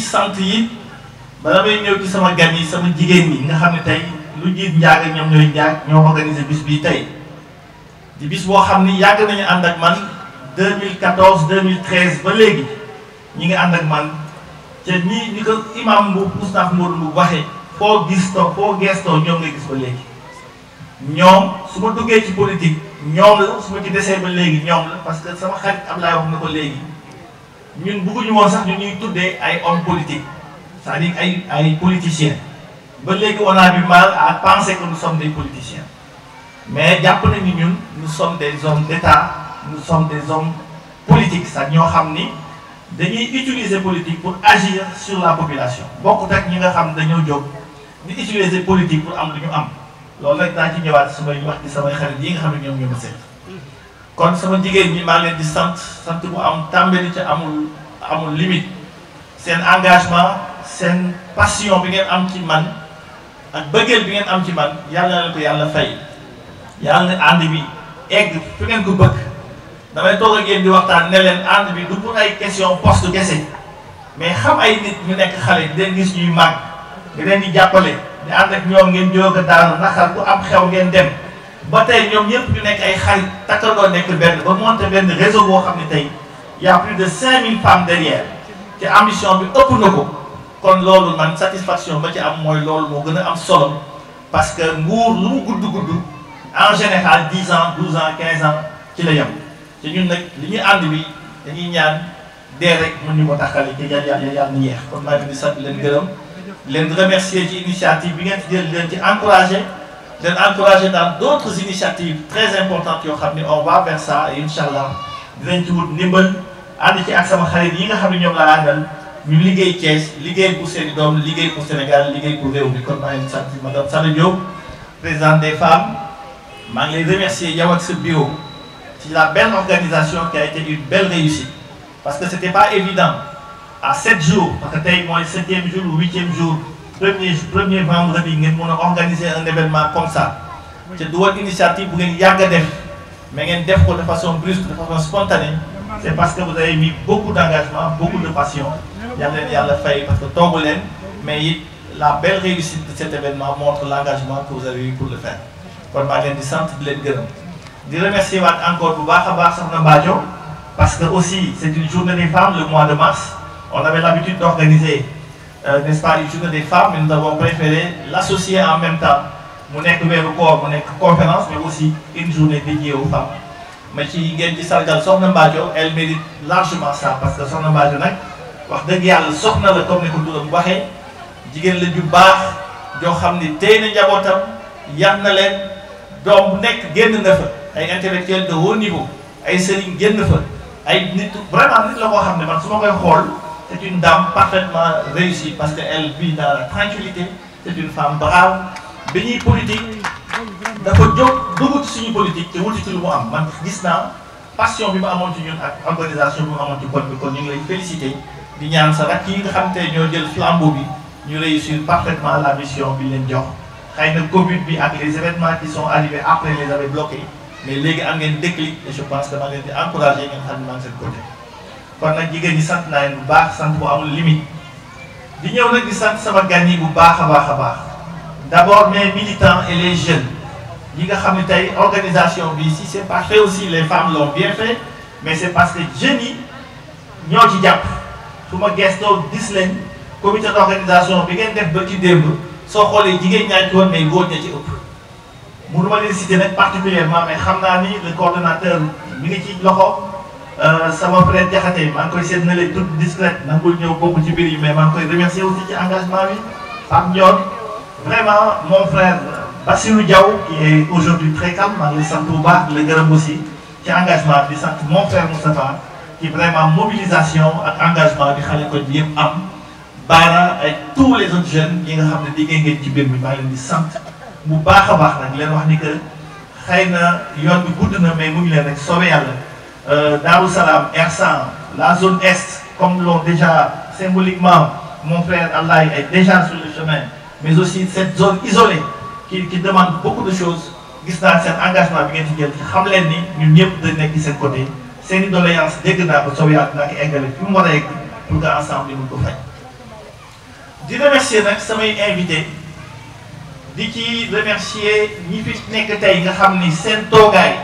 sant yi bala may ñëw ci sama gan yi sama jigéen ñi nga xam ne tey lu jiit njaag ñoom ñooy njaag ñoo organisé bis bii tey di bis boo xam ni yàgg nañu ànd ak man 2014 2013 ba léegi ñi nga ànd ak man te nii ni ko imam bu Moustapha Mbour bu waxee foo gistoo foo geestoo ñoom nga gis ko léegi ñoom su ma duggee ci politique ñoom la su ma ci desee ba léegi ñoom la parce que sama xarit Ablaye wax na ko léegi ñun bëgguñu woon sax ñu ñuy tuddee ay on politiques cest ni ay ay politiciens ba léegi on a du mal à penser que nous des politiciens mais jàpp nañu ñun nous sommes des hommes d'État ñu sommes des hommes politiques sax ñoo xam ni dañuy utiliser politique pour agir sur la population bokkut ak ñi nga xam dañoo jóg di utiliser politique pour am lu ñu am loolu rek daa ci ñëwaat su may wax ci samay xarit yi nga xam ne ñoom ñoo ma seet kon sama jigéen ñi maa leen di sant sant bu am tàmbali ci amul amul limite seen engagement seen passion bi ngeen am ci man ak bëggeel bi ngeen am ci man yàlla na ko yàlla fay yàlla na ànd bi egg fi ngeen ko bëgg damay toog ak yéen di waxtaan ne leen ànd bi du pour ay question poste kese mais xam ay nit ñu nekk xale di leen gis ñuy màgg di leen di jàppale di ànd ak ñoom ngeen jóg daanu naxal ku am xew ngeen dem ba tey ñoom ñëpp ñu nekk ay xarit takkandoo nekk benn ba monté benn réseau boo xam ne tey y' a plus de 5000 femmes derrière ci ambition bi ëpp na ko kon loolu man satisfaction ba ci am mooy loolu moo gën a am solo parce que nguur lu mu gudd gudd en général 10 ans 12 ans quinze ans ci la yem te ñun nag li ñuy ànd bi dañuy ñaan dee rek mën ñu ko taxale te yàlla yàlla yàlla na yeex kon maa ngi leen di leen gërëm leen remercier ci initiative bi ngeen ci jël leen ci d'être encouragé dans d'autres initiatives très importantes yoo xam ne on va vers ça et incha allah dinañ ci wut ndimbal ànd ci ak sama xarit yi nga xam ne ñoom laa àndal ñu liggéey Thiès liggéey pour seen i doom liggéey pour Sénégal liggéey pour réew mi kon maa ngi sant madame Sada Diop présidente des femmes maa ngi lay remercier yow ak sa bureau ci la belle organisation qui a été une belle réussite parce que c'était pas évident à sept jours parce que tey mooy septième jour ou huitième jour premier premier vendredi ngeen mën a organiser un événement comme ça te du initiative bu ngeen yàgg a mais ngeen def ko de façon brusque de façon spontanée c'est parce que vous avez mis beaucoup d'engagement beaucoup de passion yal leen yàlla fay parce que toogu leen mais it la belle réussite de cet événement montre l'engagement que vous avez eu pour le faire kon maa leen di sant di leen gërëm di remercier waat encore bu baax a baax soxna Mbadio parce que aussi c'est une journée des femmes le mois de mars on avait l'habitude d'organiser Euh, n'est-ce pas du journée des femmes mais nous avons préféré l'associer en même temps mu nekk weeru koor mu nekk conférence mais aussi une journée dédiée aux femmes ma ci ngeen ci sargal Soxna Mbathio elle mérite largement ça parce que Soxna Mbathio nag wax dëgg yàlla soxna la comme ni ko turam waxee jigéen la ju baax joo xam ni tey na njabootam yar na leen doom nekk génn na fa ay intellectuels de haut niveau ay sëriñ génn fa ay nit vraiment nit la koo xam ne man su ma koy C'est une dame parfaitement réussie parce qu'elle vit dans la tranquillité. C'est une femme brave. bi ñuy politique dafa jóg dugg ci suñu politique te wuti ci lu mu am man gis naa passion bi mu amoon ci ñun ak organisation bi mu amoon ci code bi kon ñu ngi lay félicité di ñaan sa rakk yi nga xam te ñoo jël flambeau bi ñu réussir parfaitement la mission bi leen jox. xëy na Covid bi ak les événements qui sont arrivés après les avait bloqués mais léegi am ngeen déclic pense que maa ngi leen di kon nag jigéen ñi sant naa leen bu baax sant bu amul limite di ñëw nag di sant sama gan yi bu baax a baax a baax d'abord mes militants et les jeunes yi nga xam ne tey organisation bi si c'est parce que aussi les femmes l'ont bien fait mais c'est parce que jeune yi ñoo ci jàpp su ma gestoo gis leen comité d'organisation bi ngay def ba ci démb soo xoolee jigéen ñaa ci woon mais góor ci ëpp mënuma leen citer nag particulièrement mais xam naa ni le coordonnateur mi ngi ci loxo sama frère Diakhaté maa ngi koy seet na leen tout discret nangul ñëw bokk ci biir yi mais maa ngi koy remercier aussi ci engagement bi Pape Ndione vraiment mon frère Bassirou Diaw qui est aujourd'hui très calme maa ngi sant bu baax la gërëm aussi ci engagement bi sant mon frère Moustapha ci vraiment mobilisation ak engagement bi xale ko bi yëpp am baara ay tous les jeunes yi nga xam ne liggéey ngeen ci biir mi maa ngi di sant bu baax a baax nag leen wax ni xëy na yoon bi gudd na mais mu ngi leen rek soobee yàlla Euh, Darou Salam Ersan la zone est comme l'ont déjà symboliquement mon frère Allah est déjà sur le mais aussi seen zone isolée qui qui demande beaucoup de choses gis naa seen engagement bi ngeen ci jël xam leen ni ñun ñëpp dañ nekk ci seen côté seen i doléance dégg naa ko soo yàlla naa ko eggale fi mu war a yegg mu que ensemble ñu ko faj. di remercier nag samay invité di ci remercier ñi fi nekk tey nga xam ni seen toogaay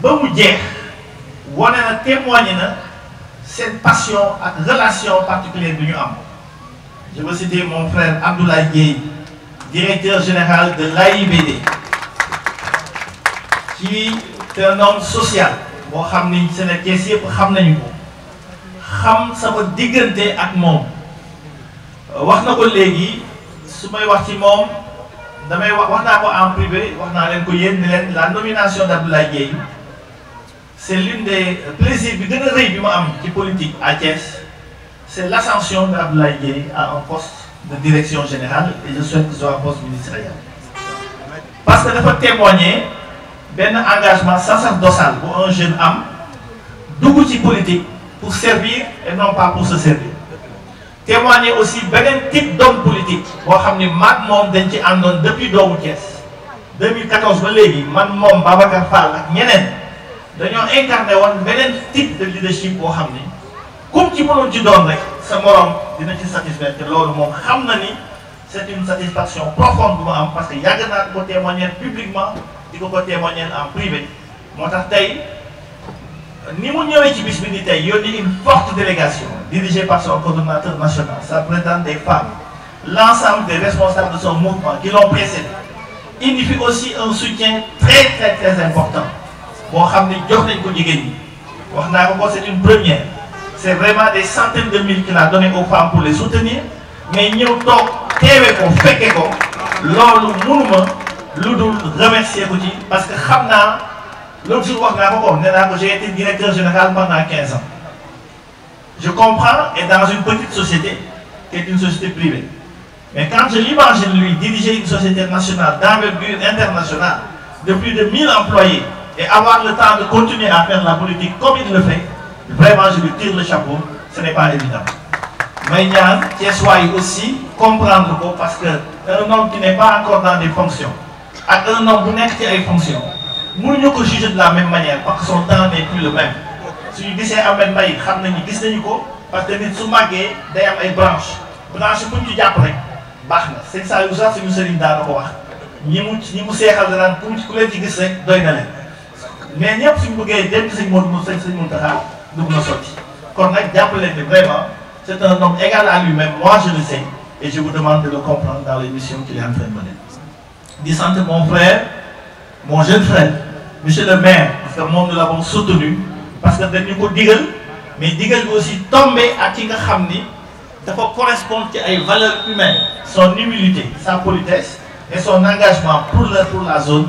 ba mu jeex. wane na témoigné na seen passion ak relation particulière bi ñu am je veux citer mon frère Abdoulaye Guèye directeur général de la qui est un homme social boo xam ni Sénégalais yëpp xam nañu ko xam sama diggante ak moom wax na ko léegi su may wax ci moom damay wax wax naa ko en privé wax naa leen ko yéen ni leen la nomination d'Abdoulaye Guèye c'est l'une des bi gën a bi ma am ci politique à Thiès c'est l'ascension d'Abdoulaye Dièye à un poste de direction générale et je souhaite que ce soit un poste ministériel parce que dafa témoigner benn engagement sacerdotal bu un jeune am dugg ci politique pour servir et non pas pour se servir témoigner aussi beneen type d'homme politique boo xam ni maag moom dañ ci àndoon depuis doomu Thiès 2014 ba léegi man moom Babacar Fall ak ñeneen dañoo incarné woon beneen type de leadership boo xam ni comme ci mënul ci doon rek sa morom dina ci satisfaire te loolu moom xam na ni c'est une satisfaction profonde bu ma am parce que yàgg naa ko témoigner publiquement di ko ko témoigner en privé moo tax tey ni mu ñëwee ci bis bi ni tey yónni une forte délégation dirigée par son coordonnateur national sa présidente des femmes l'ensemble des responsables de son mouvement qui l'ont précédé il boo xam ne jox nañ ko jigéen ñi wax naa ko c'est une première c'est vraiment des centaines de mille qu'il a donné aux femmes pour les soutenir mais ñëw toog teewe ko fekke ko loolu mënuma lu dul remercier ko parce que xam naa l'autre jour wax naa ko ko nee naa ko j'ai directeur général pendant quinze ans je comprends et dans une petite société qui est une société privée mais quand je l'imagine lui diriger une société nationale d'envergure internationale de et avoir le temps de continuer à faire la politique comme il le fait vraiment je lui tire le chapeau ce n'est pas évident may ñaan Thiessois yi aussi comprendre ko parce que un homme n'est pas encore dans des fonctions ak un homme bu nekk ci ay fonctions mënuñu ko juger de la même manière parce que son temps n'est plus le même suñu gisee Ahmed Mbaye xam nañu gis nañu ko parce que nit su màggee day m ay branche branche buñ ci jàpp rek baax na seen saa yu suñu sëriñ daa na gis rek doy mais ñëpp suñ bëggee dem ci sëñ Modou Moussa sëñ Mountakha du mun a sotti kon nag jàpp leen vraiment c' est un homme égal à lui-même moi je le sais et je vous demande de le comprendre dans les missions qu'il est en train de di sant mon frère mon jeune frère monsieur le maire parce que moom nous l'avons soutenu parce que dañu ko digal mais digal bi aussi tombé ak ci nga xam ni dafa correspondre ci ay valeurs humaines son humilité sa politesse et son engagement pour la pour la zone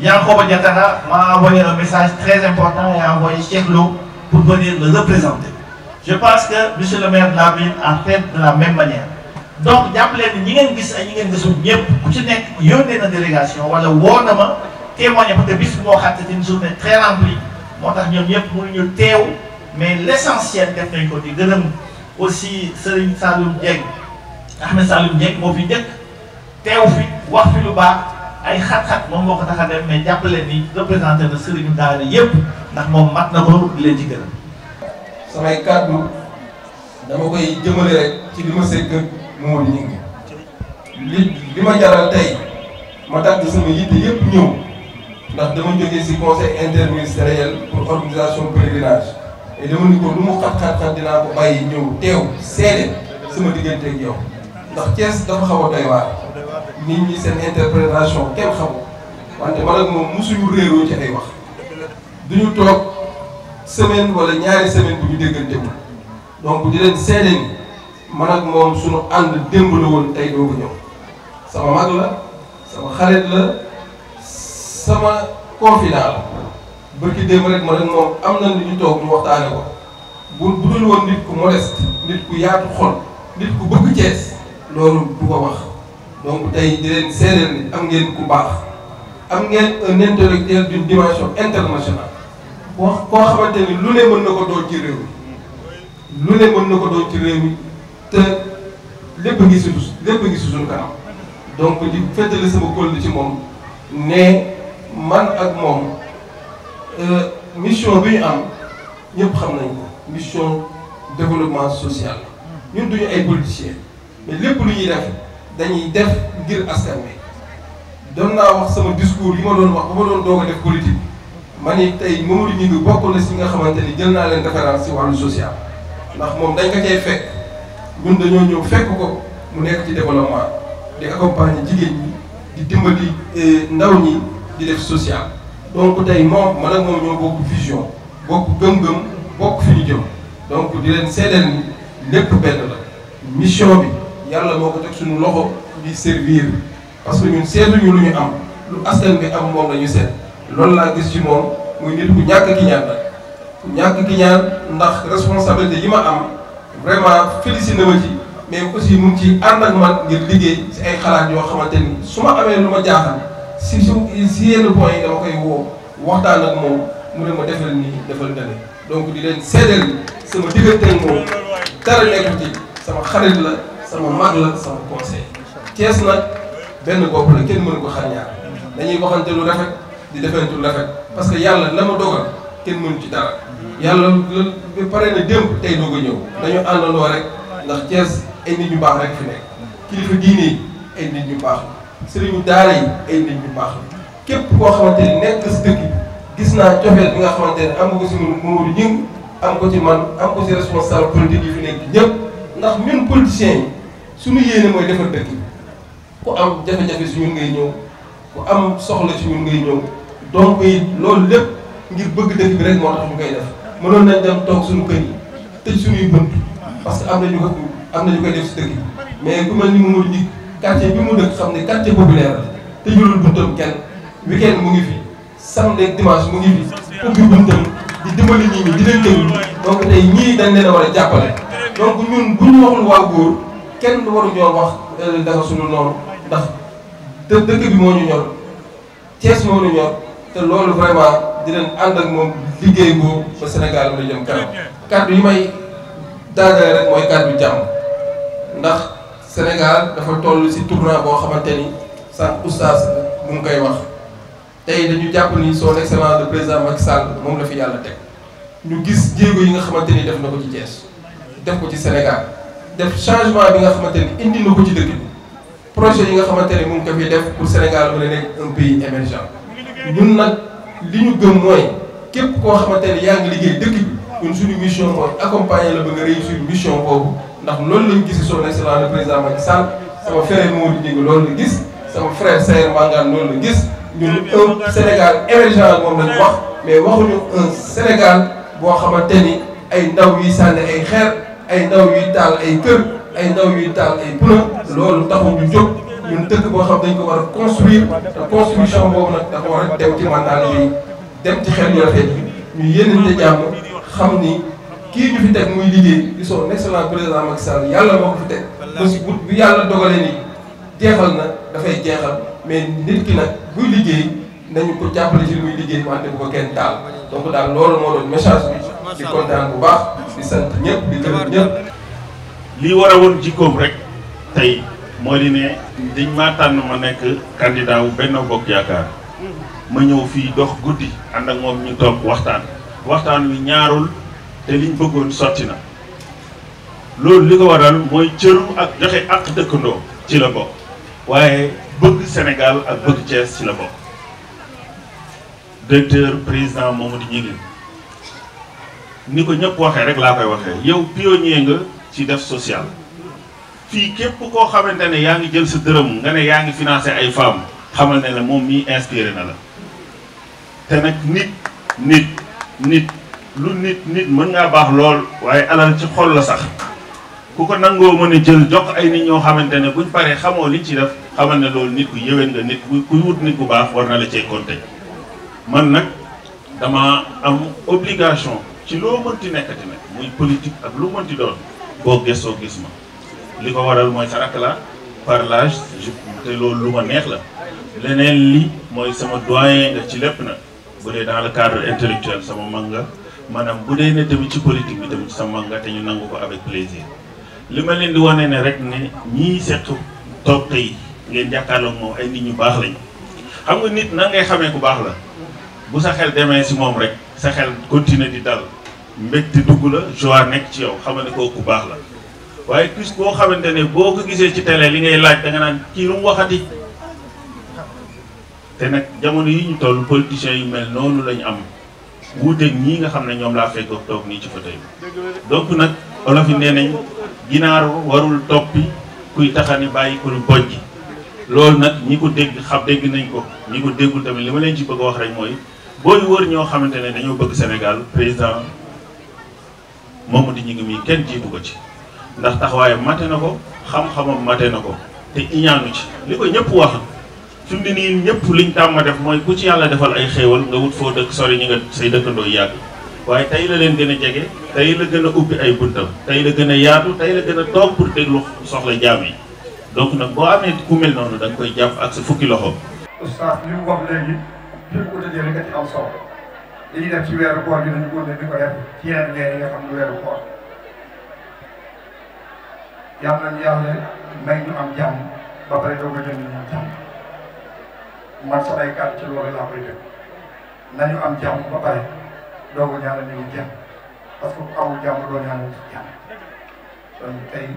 Yankoba Diatara m'a envoyé un message très important et a envoyé Cheikh pour venir le représenter. Je pense que monsieur le maire de la ville a fait de la même manière. donc jàpp leen ni ñi ngeen gis ak ñi ngeen gisul ñëpp ku ci nekk yónnee na délégation wala woo na ma témoigné parce que bis boo xam ne une journée très remplie moo tax ñoom ñëpp mënuñu teew mais l' essentiel def nañ ko di gërëm aussi Serigne Saloum Dieng Ahmed Saloum Dieng moo fi njëkk teew fi ay xat-xat moom moo ko tax a dem mais jàpp leen ni représenté na sëriñu daara yépp ndax moom mat na ko di leen ci gërëm. samay kàddu dama koy jëmale rek ci li ma sekk Mamadou Gningue li li ma jaral tey ma dagg sama yitte yépp ñëw ndax dama jógee si conseil interministériel pour organisation pèlerinage et dama ni lu mu xat-xat-xat dinaa ko bàyyi ñëw teew seede sama diggante ak yow ndax Thiès dafa xaw a waa nit ñi seen interprétation kenn xamu wante man ak moom musuñu réeroo ci ay wax duñu toog semaine walla ñaari semaine bu ñu déggante mu donc di leen seede ni man ak moom suñu ànd démb la woon tey doogu ñëw sama mag la sama xarit la sama confident la bërki démb rek man ak moom am na lu ñu toog ñu waxtaane ko bu bu dul woon nit ku modeste nit ku yaatu xol nit ku bëgg Cees loolu du ko wax donc tey di leen seedeel ne am ngeen ku baax am ngeen un intellectuel d'une dimension internationale koo xamante ni lu ne mën na ko doon ci réew mi lu ne mën na ko doon ci réew mi te lépp ngi si lépp ngi si kanam donc di féetale sama kóll ci moom ne man ak moom euh, mission bi am ñëpp xam nañ ko mission développement social ñun duñu ay politiciens mais lépp lu ñuy def. dañuy def ngir askan bi doon naa wax sama discours yi ma doon wax ba ma doon doog a def politique ma ni tey Mamadou Gningue bokk na si nga xamante ni jël naa leen référence si wàllu social ndax moom dañ ko cay fekk ñun dañoo ñëw fekk ko mu nekk ci développement di accompagner jigéen ñi di dimbali eh, ndaw ñi di def social. donc tey moom man ak moom ñoo bokk vision bokk gëm-gëm bokk fi ñu jëm donc di leen seedeel ni lépp benn la mission bi. yàlla moo ko teg suñu loxo di servir parce que ñun seetuñu lu ñu am lu askan bi am moom la ñu seet loolu laa gis ci moom muy nit ku ñàkk ki ñaan la ku ñàkk ki ñaan ndax responsabilité yi ma am vraiment félicité na ma ci mais aussi mu ngi ci ànd ak ngir liggéey si ay xalaat yoo xamante ni su ma amee lu ma jaaxal si su si yenn points yi dama koy woo waxtaan ak moom mu ne ma defal nii defal ndane donc di leen seedeel sama diggante ak moom dara nekk ci sama xarit la. sama mag la sama conseil Cees na benn bopp la kenn mënu ko xar ñaar dañuy waxante lu rafet di defentu lu rafet parce que yàlla la ma dogal kenn mënu ci dara yàlla lu pare na démb tey doog a ñëw dañu àndandoo rek ndax Cees ay nit ñu baax rek fi nekk kilifa diine yi ay nit ñu baax sëriñu daara yi ay nit ñu baax képp koo xamante ni nekk si dëkk gis naa cofeel bi nga xamante ne am nga ko si mën Mamadou Gningue am ko ci man am ko ci responsable politique yi fi nekk ñëpp ndax ñun yi suñu yéene mooy defar dëkk bi ku am jafe-jafe si ñun ngay ñëw ku am soxla si ñun ngay ñëw donc loolu lépp ngir bëgg dëkk bi rek moo tax ñu koy def mënoon nañ dem toog suñu kër yi tëj suñuy parce que am na ñu ko def si bi mais ku mel ni Mamadou Ndik quartier bi mu dëkk xam ne quartier populaire la tëjulul buntam kenn weekend mu ngi fi samedi ak dimanche mu ngi fi ubbi buntam di dimbali ñii di leen déglu donc tey ñii dañ leen a war a jàppale donc ñun bu ñu waxul waa góor kenn waruñoo wax dara suñu noonu ndax te dëkk bi moo ñu ñor Thiès moo ñu ñor te loolu vraiment di leen ànd ak moom liggéey boo ba Sénégal mu jëm kanam kàddu yi may daagale rek mooy kàddu jàmm ndax Sénégal dafa toll ci tournant boo xamante ni sànq oustaz mu ngi koy wax tey dañu jàpp ni son excellence le président Macky Sall moom la fi yàlla teg ñu gis jéego yi nga xamante ni def na ko ci Thiès def ko ci Sénégal def changement bi nga xamante ni indi na ko ci dëkk bi projet yi nga xamante ni mu ngi ko fi def pour Sénégal mën a nekk un pays émergent ñun nag li ñu gëm mooy képp koo xamante ni yaa ngi liggéey dëkk bi ñun suñu mission mooy accompagner la ba nga réussir mission boobu ndax loolu lañ gis son excellence le président Macky Sall sama frère Modou Dieng loolu la gis sama frère Sayer Mangane loolu la gis ñun un Sénégal émergent moom lañ wax mais waxuñu Sénégal boo xamante ni ay ndaw yi sànni ay ndaw yuy taal ay kër ay ndaw yuy taal ay pneu loolu taxu ñu jóg ñun dëkk boo xam dañ ko war a construire te construction boobu nag dafa war a dem ci mandaale yooyu dem ci xel yu rafet yi ñu yéenante jàmm xam ni kii ñu fi teg muy liggéey di son excellent président Macky Sall yàlla moo ko fi teg aussi bu bu yàlla dogalee ni jeexal na dafay jeexal mais nit ki nag buy liggéey nañu ko jàppale ci muy liggéey wante bu ko kenn taal donc daal loolu moo doon message bi di bu baax di sant ñëpp di li war woon jikkoom rek tey moo di ne dañ maa tànn ma nekk candidat wu Benno Bokk Yaakaar ma ñëw fii dox guddi ànd ak moom ñu toog waxtaan waxtaan wi ñaarul te liñ bëggoon sotti na loolu li ko waral mooy cëru ak joxe ak dëkkandoo ci la bokk waaye bëgg senegal ak bëgg Thiès ci la bokk directeur président Mamadou ni ko ñëpp waxee rek laa koy waxee yow pionnier nga ci def social fii képp koo xamante ne yaa ngi jël sa dërëm nga ne yaa ngi financé ay femmes xamal ne la moom mii inspiré na la te nag nit nit nit lu nit nit mën ngaa baax lool waaye alal ci xol la sax ku ko nangoo mën a jël jox ay nit ñoo xamante ne buñ paree xamoo li ci def xamal ne loolu nit ku yëwén nga nit ku kuy wut nit ku baax war na la cee compter man nag dama am obligation ci loo mënti nekkati nag muy politique ak lu mënti doon boo gëstoo gis ma li ko waral mooy sa rakk la parlage te loolu lu ma neex la leneen li mooy sama doyen ci lépp na bu dee dans le cadre intellectuel sama mag nga maanaam bu dee ne tamit ci politique bi tamit sama mag nga te ñu nangu ko avec plaisir li ma leen di wax nee ne rek ne ñii seq toog tey ngeen jàkkaarloog moom ay nit ñu baax lañu xam nga nit na ngay xamee ku baax la bu sa xel demee si moom rek sa continuer di dal mbégte dugg la joie nekk ci yow xam ne kooku baax la waaye gis koo xamante ne boo ko gisee ci télé li ngay laaj da naan kii lu mu waxati te nag jamono yi ñu toll politiciens yi mel noonu la ñu am wuuteeg ñii nga xam ne ñoom laa fekk toog nii ci fa tey donc nag olof yi nee nañ ginaar warul toppi kuy taxani bàyyi ku gi loolu nag ñi ko dégg xam dégg nañ ko ñi ko déggul tamit li ma leen ci bëgg wax rek mooy booy wër ñoo xamante ne dañoo bëgg Sénégal président. Mamadou Gningue mii kenn jiitu ko ci ndax tax waaye mate na ko xam-xamam mate na ko te iñaanu ci li ko ñëpp wax fi mu ne nii ñëpp liñ tàmm def mooy ku ci yàlla defal ay xéewal nga wut foo dëkk sori ñu nga say dëkkandoo yàgg waaye tey la leen gën a jege tey la gën a ubbi ay buntam tey la gën a yaatu tey la gën a toog pour déglu soxla jaam yi donc nag boo amee ku mel noonu da koy jàpp ak sa fukki loxo. oustaz li mu wax léegi kii ku tëjee rek a ci am solo. li ñuy def ci weeru koor bi nañu góor di ko def ci yeneen weer yi nga xam ne weeru koor yàlla nañu yàlla may ñu am jàmm ba pare doog a jëm ñu am jàmm man samay kàddu ci loolu laa koy def nañu am jàmm ba pare doog a ñaanal ñu jàmm parce que ku amul jàmm doo ñaanal ci jàmm donc tey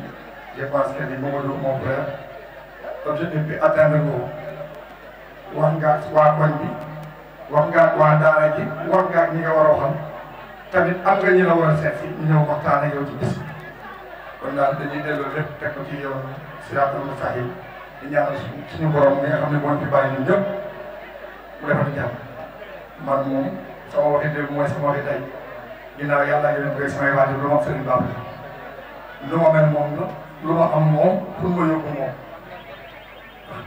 je pense que ni Mamadou mon frère objectif bi atteindre ko wax nga waa koñ bi. wax nga waa daara ji wax nga ak ñi nga war a tamit am nga la war a seet si ñëw waxtaan ak yow ci bis kon daal dañuy delloo lépp teg ko ci yow siraatal mustaqiim di ñaanal suñu borom mi nga xam ne moo fi bàyyi ñun ñëpp mu defal jàmm man moom sama waxi démb mooy sama waxi tey ginnaaw yàlla yéen koy samay waajur lu ma sëriñ baax la lu ma moom la lu ma am moom pour ma yóbbu moom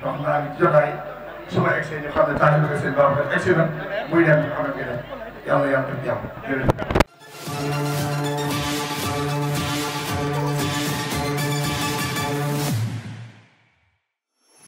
ndax naa ngi jotaay su ma egg see ñu xam ne taalibe Sëñ Babacar egg si na muy dem ñu xam ne muy dem yàlla na yàlla def jàmm jërëjëf